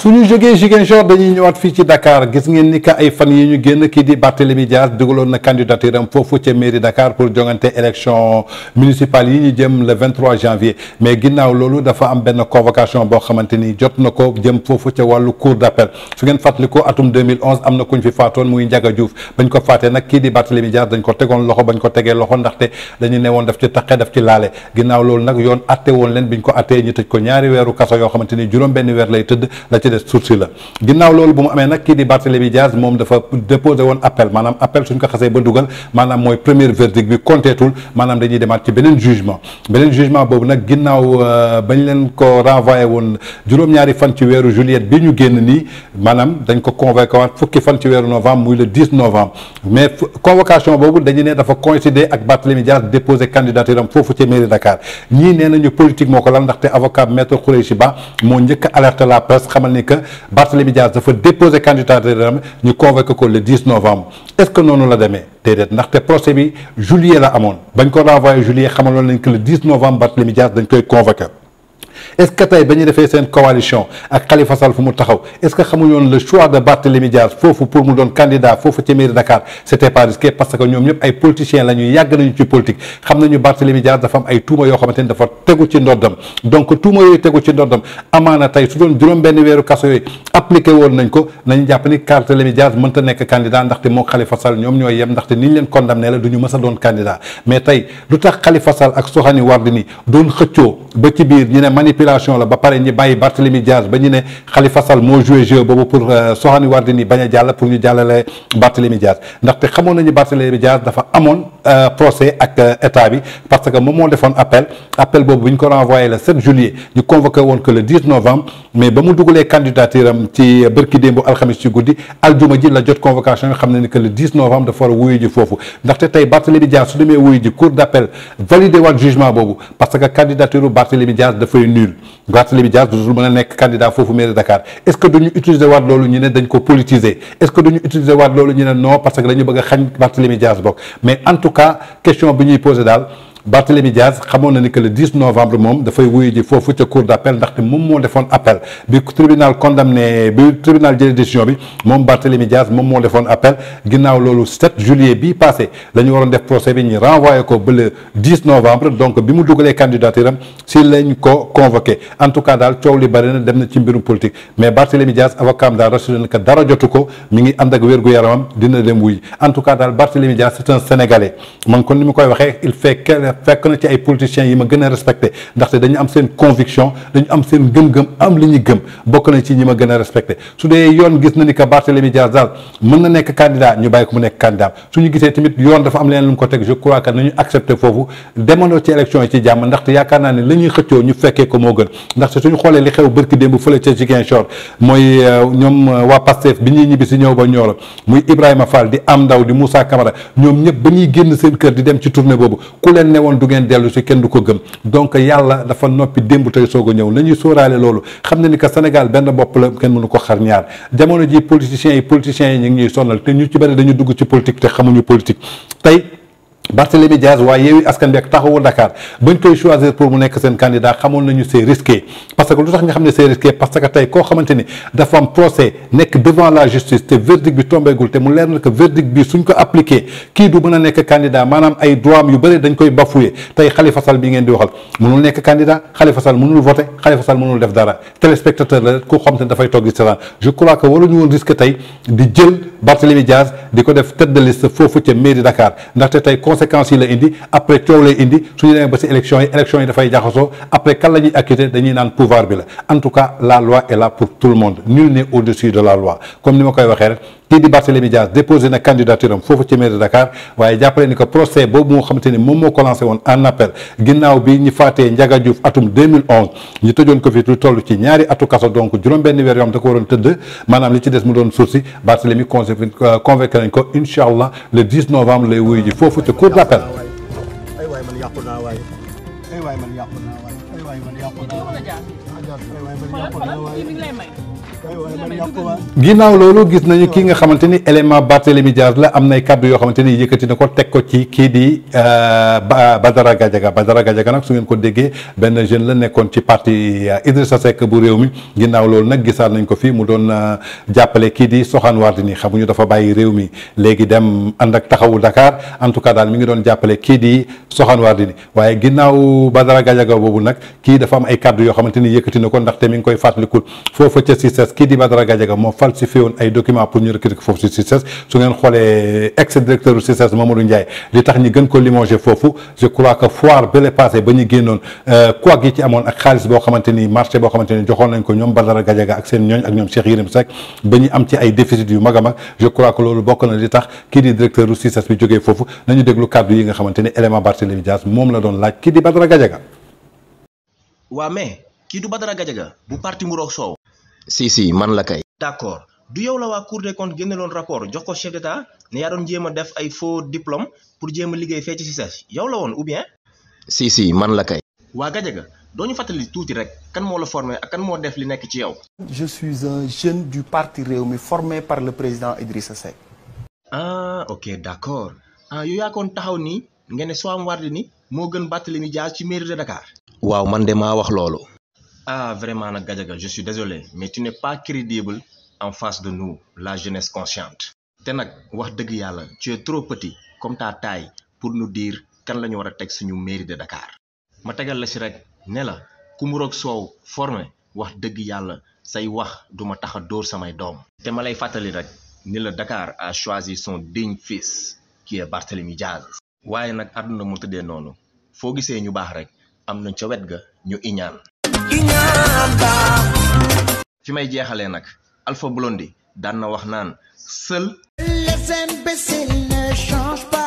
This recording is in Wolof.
suñu jógee Ziguinchor dañu ñëwaat fii ci dakaar gis ngeen ni que ay fan yi ñu génn kii di Barthélémy Dias dugaloon na candidature am foofu ca mairie Dakar pour jongante élection municipale yi ñu jëm le 23 janvier mais ginnaaw loolu dafa am benn convocation boo xamante ni jot na ko jëm foofu ca wàllu cour d'appel su ngeen fàttalikoo atum 2011 am na kuñ fi faatoon muy Ndiaga Diouf bañ ko faatee nag kii di Barthélémy Dias dañ ko tegoon loxo bañ ko tegee loxo ndaxte dañu ne woon daf ci taqe daf ci laale ginnaaw loolu nag yoon atte woon ko attee ñu tëj ko ñaari weeru kaso xamante ni juróom benn weer lay tëdd ci des sursis la ginnaaw loolu bu mu amee nag kii di Barthélémy Diaz moom dafa déposé woon appel maanaam appel suñ ko xasee ba dugal maanaam mooy première verdict bi compteetul maanaam dañuy demaat ci beneen jugement beneen jugement boobu nag ginnaaw euh, bañ leen ko renvoyé woon juróom-ñaari fan ci weeru juillet bi ñu génn nii maanaam dañ ko convoqué fukki fan ci weeru novembre muy le novembre mais convocation boobu dañu ne dafa coïncider ak Barthélémy Diaz a ni que Barthélémy Dias dafa déposé candidature ñu convoqué ko le novembre est-ce que noonu la demee déedéet ndaxte procès bi juillet la amoon bañ ko renvoyé juillet xamaloon nañ que le novembre Barthélémy Dias dañ koy convoqué. est-ce que tey ba ñu defee seen coalition ak Khalifa Sall fu mu taxaw est-ce que xamu yoon le choix de Barthélémy Dias foofu pour mu doon candidat foofu ci mairie Dakar c'était pas risqué parce que ñoom ñëpp ay politiciens la yàgg nañu ci politique xam nañu Barthélémy Dias dafa am ay tuuma yoo xamante ni dafa tegu ci ndoddam donc tuuma yooyu tegu ci ndoddam amaana tey su doon juróom benn weeru kaso yooyu appliqué nañ ko nañ jàpp ni Barthélémy Dias a doon manipulation la ba pare ñi bàyyi Barthélemy Diaz ba ñu ne Khalifa Sall moo joué jeu boobu pour euh, Soham El Wardini bañ a jàll pour ñu jàllale Barthélemy Diaz ndaxte xamoon nañu Barthélemy Diaz dafa amoon Euh, procès ak euh, état bi parce que moom defoon appel appel boobu bu ñu ko renvoyé le 7 juillet ñu convoqué woon que le novembre mais ba mu dugalee candidature ci euh, bërki démbu alxamis ci guddi aljuma ji la jot convocation yoo xam ne ni que le novembre dafa war a ji foofu ndaxte tey Barthélémy Dias su demee wuyu ji cour d' appel validé waat jugement boobu parce que candidature Barthélémy Dias dafay nul Barthélémy Dias dootul mën a nekk candidat foofu tout cas question bi ñuy posé daal Barthélémy Diaz xamoon na ni que le 10 novembre moom dafay wuyu ji foofu ca cour d' appel ndaxte moom moo defoon appel bi tribunal condamné bi tribunal jëlee décision bi moom Barthélémy Diaz moom moo defoon appel ginnaaw loolu 7 juillet bii passé la waroon def procès bi ñu renvoyé ko ba le novembre donc bi mu dugalee candidature si lañ ko convoqué en tout cas daal coow li bëri na dem na ci mbirum politique mais Barthélémy Diaz avocat am daal dem en tout cas daal Barthélémy Diaz ne fekk na ci ay politiciens yi ma gën a respecté ndaxte dañu am seen conviction dañu am seen gëm-gëm am li ñu gëm bokk na ci ñi ma gën a respecté su dee yoon gis na ni que Barthélémy Dias daal mën na nekk candidat ñu bàyyi ko mu nekk candidat suñu gisee tamit yoon dafa am leen lu mu ko teg je crois que nañu accepté foofu demandoo ci élection yi ci jàmm ndaxte yaakaar naa ne la ñuy xëccoo ñu fekkee ko moo gën ndaxte suñu xoolee li xew bërki démb fële ca Ziguinchor mooy euh, ñoom euh, waa Pastef bi ñuy ñibbi si ñëw ba ñoolo muy Ibrahima Fall di am ndaw di Moussa Camara ñoom ñëpp ba ñuy génn seen kër di dem ci tournée boobu woon du ngeen dellu si kenn du ko gëm donc yàlla dafa noppi démb tey soo a ñëw la ñuy sóoraale loolu xam na ni que Sénégal benn bopp la kenn mënu ko xar ñaar jamono ji politiciens yi politiciens yi ñu ngi ñuy sonal te ñu ci bëri dañu dugg ci politique te xamuñu politique tey Barthélémy Diaz waaye Yewwi Askan Wi ak Taxawu Dakar bañ koy choisir pour mu nekk seen candidat xamoon nañu c'est risqué parce que lu tax nga xam ne c'est risqué parce que tey koo xamante ni dafa am procès nekk devant la justice te verdict bi tombeegul te mu leer na que verdict bi suñ ko appliqué kii du mën a nekk candidat maanaam ay droit am yu bëri dañ koy bafoué tey Khalifa Sall bi ngeen di waxal mënul nekk candidat Khalifa Sall mënul voté Khalifa Sall mënul def dara ne dafay toog di que waruñu woon di jël de liste foofu ca conséquences yi la indi après coow lay indi suñu demee ba si élection yi élection yi dafay jaxasoo après kan la ñuy acquitté dañuy naan pouvoir bi la en tout cas la loi est là pour tout le monde nul n'est au-dessus de la loi comme ni ma koy waxee rek kii di Barthélémy Dias déposé na candidature am foofu ci mairie de Dakar waaye jàppale ni que procès boobu moo te ni moom moo ko lancé woon en appel ginnaaw bi ñu faatee Ndiaga atum ñu tëjoon ko fi lu toll ci ñaari atu kaso donc juróom-benn weer yoo xam waroon tëdd maanaam li ci des mu doon sursis Barthélémy convoqué nañ ko incha allah le 10 novembre lay wuyu ji foofu ci cour d'appel ay waay ginnaaw loolu gis nañu kii nga xamante ni élément Barthélémy Diaz la am nay kàddu yoo xamante ni yëkkati na ko teg ko ci kii di euh, Badara Gadiaga Badara Gadiaga nag su ngeen ko déggee benn jeune la nekkoon ci parti euh, Idrissa Seck bu réew mi ginnaaw loolu nag gisaat nañ ko fii mu doon euh, jàppale kii di Soham Wardini xamuñu dafa bàyyi réew mi léegi dem ànd ak taxawu Dakar en tout cas daal mi ngi doon jàppale kii di Soham Wardini waaye ginnaaw Badara Gadiaga boobu nag kii dafa am ay kàddu yoo xamante ni yëkkati na ko ndaxte mi ngi koy fàttalikul foofa ca kii di Badara Gadiaga moo falsifié woon ay documents pour ñu recruter foofu su ngeen xoolee ex directeur du CICES Mamadou Ndiaye li tax ñu gën ko limogé foofu je crois que foire bële passé ba ñu génnoon euh, quoi gi ci amoon ak xaalis boo xamante ni marché boo xamante ni joxoon nañ ko ñoom Badara Gadiaga ak seen ñooñ ak ñoom Cheikh Yérim Seck ba ñu am ci ay déficit yu mag a mag je crois que loolu bokk na li tax kii di directeur du CICES bi jógee foofu nañu déglu kàddu si si man la kay. d'accord du yow la waa Cour des comptes génne loon rapport jox ko chef d'état ne yaa doon jéem def ay faux diplôme pour jéem a liggéey fee ci CICES yow la woon ou bien. si man la kay. waa Gadiaga doo ñu fàttali tuuti rek kan moo la formé ak kan moo def li nekk ci yow. je suis un jeune du parti mi formé par le président Idrissa Seck. ah ok d'accord ah yow yaa koon taxaw nii nga ne Soham ni moo gën Barthélémy jaar ci mairie de waaw man de maa wax loolu. ah vraiment nag Gadiaga je suis désolé mais tu n'es pas crédible en face de nous la jeunesse consciente. te nag wax dëgg yàlla ci es trop comme ta pour nu diir kan la ñu war a teg suñu mairie de Dakar. ma tegal la si rek ne la ku mu soow formé wax dëgg yàlla say wax du ma tax a dóor samay doom. te ma lay fàttali rek ni la Dakar a choisi son digne fils ki est Barthélemy Diaz. waaye nag àdduna mu tëddee noonu foo gisee ñu baax rek am nañ ca wet ga ñu iñaan fi may jeexalee nag Alpha Blondy daan na wax naan seul les imbéciles ne changent pas